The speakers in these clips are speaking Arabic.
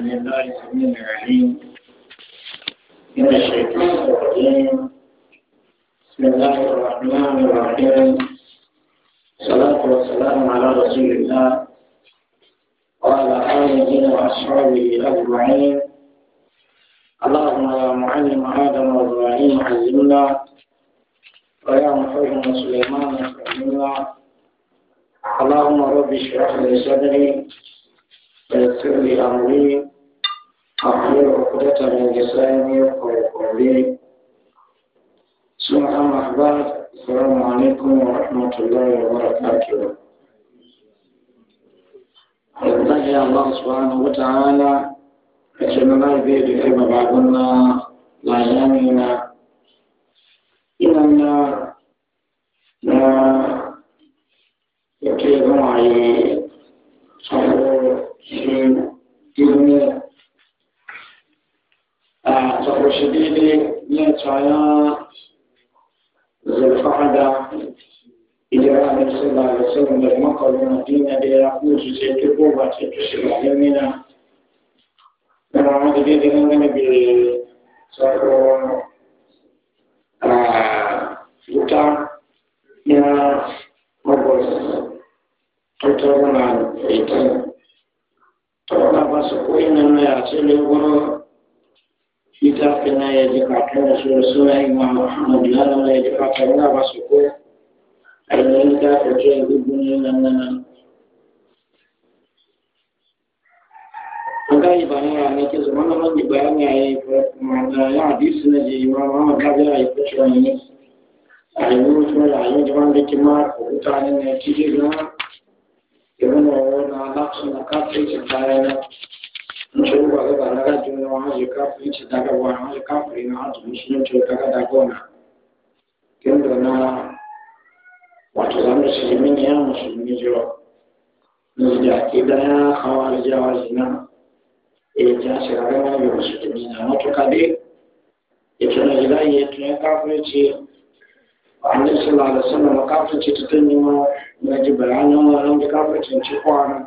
بسم الله الرحمن الرحيم من الشيطان الرجيم بسم الله الرحمن الرحيم الصلاة والسلام على رسول الله وعلى آله وأصحابه أجمعين اللهم يا معلم آدم وإبراهيم علمنا ويا محرم سليمان فهمنا اللهم رب اشرح لي صدري ويسر لي أمري akwai rukudata mai gisa ya biyu kwaikwari suna kama ba tsoron mani kuma mutum lauyar mara kake ba alzaki ya ba su wani wuta hana a cikin lafi da kai ba babun na lajami na inan na na yake zama ذو القعدة إجراء صلى الله عليه وسلم المقر المدينة ليقول سيتو قوة سيتو سبع يمنا أنا عاد بيدي أنا بي صاروا وتا يا مبوس تطورنا إيتان تطورنا بس كوينا يا سيلي ورو yake na yajikakana shi rasula imam muhammad lana na yajikakana na masu koya a yi nan ta kace yanzu gini nan nan nan an ga yi bayan ya nake zama na wani bayan ya yi fara ya hadisi na je imam muhammad ta biya ya kace wani ne a yi nuna kuma ya yi jama da kima ko mutane na cikin gina ya nuna wani na alaƙa na kafin cikin bayan nchuru kwa gaba na gaji na wahaji kafiri ci daga wa haji kafiri na haji musulun ci daga da gona kendo na wato zamu ci min ya musulmi jiwa ni da akida ya khawarij wa zina e ja ci daga na yo musulmi na wato kade e tuna gida ye tuna kafiri ci annabi sallallahu alaihi wasallam kafiri ci tutunni ma na jibrani wa ran kafiri ci kwana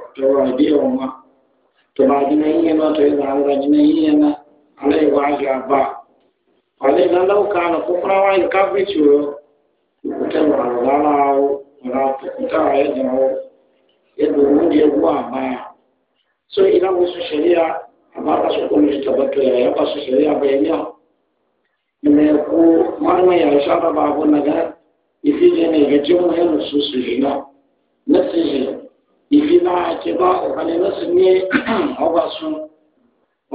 tọrọ ìdí ọmọ tọrọ àjìnà yíyẹn náà tọrọ ìlà àwọn àjìnà yíyẹn náà alẹ́ ìwà àjọ àbá ọ̀lẹ́ ìlànà òkà àná fúnfúnra wa yìí káfíìsì rẹ òkúta ìwàlọ́ lára o ọ̀rọ̀ òkúta ẹ̀ nà o ẹ̀dùn òun di ewu àbá so ìlànà sọ̀sẹ̀rí à àbá kásòkò ní ìtàbọ̀tọ̀ ẹ̀ yàtọ̀ sọ̀sẹ̀rí àbẹ̀yẹ̀ náà ìmẹ̀kú mọ́nìmọ̀ yàrá sábà bá a bọ̀ nàgá ìfíjẹ́ ní ìrètí ọmọ ẹ̀ lọ́sọ̀sẹ̀ yìí náà. na-achịba ọhanelesi nye ọgwasu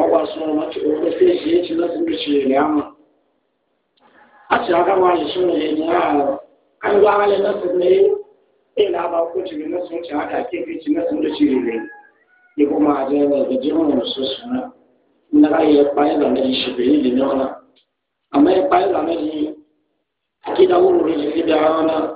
ofesi eji echi lesi mechiri ahụ achị aka nwaanyị chinwere nye ahụ anyị gwa aghali lesi na ịla aba akwụkwọ chiri lesi uche aka ka ebe echi nwere na na na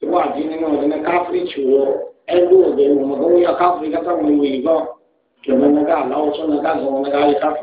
tí wàá nínú ọ̀rẹ́ ní káfíríkì wọ ẹgbẹ́ òde wọn ọ̀rẹ́ wọn yà káfíríkì kátà wọn wọ ìbọn kẹmẹ nígbà aláwọ̀ tó nígbà zọ̀ nígbà yìí káfíríkì.